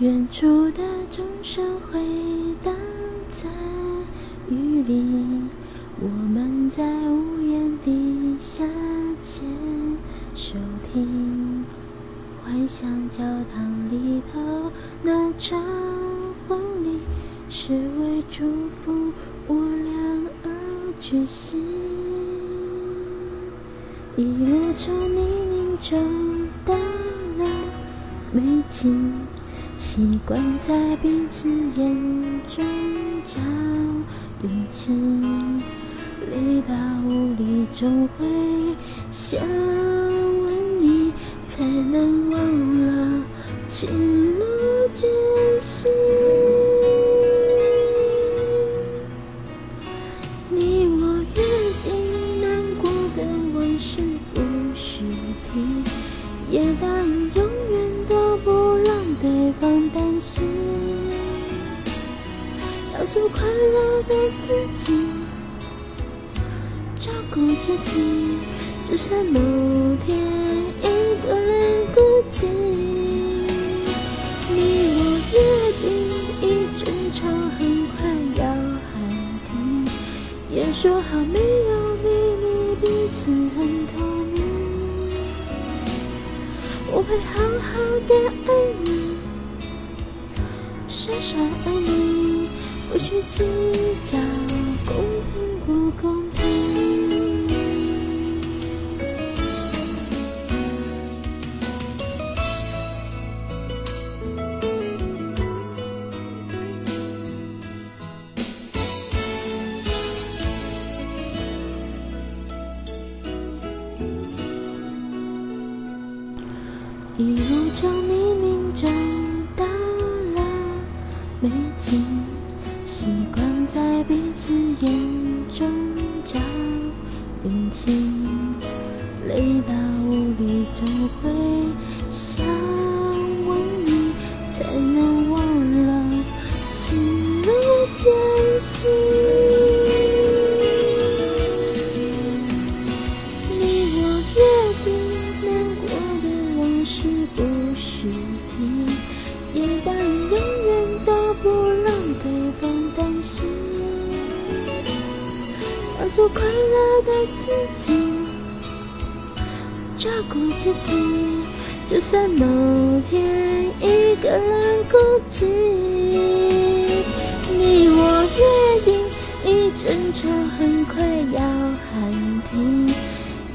遠處的鐘聲回蕩在雨裡，我們在。像教堂裡頭那場婚禮，是為祝福我倆而舉行。一路從泥濘走到了美景，習慣在彼此眼中找勇氣。累到無力，總會想吻你，才能忘。情路艱辛，你我約定難過的往事不許提，也答應永遠都不讓對方擔心。要做快樂的自己，照顧自己。就算某天一個人孤寂。說好沒有秘密，彼此很透明。我會好好的愛你，傻傻愛你，不去計較公平不公平。一路從泥濘走到了美景，習慣在彼此眼中找勇氣，累到無力總會想。也答應永遠都不讓對方擔心，要做快樂的自己，照顧自己，就算某天一個人孤寂。你我約定，一爭吵很快要喊停，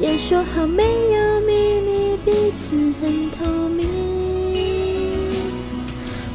也說好沒有秘密，彼此很透明。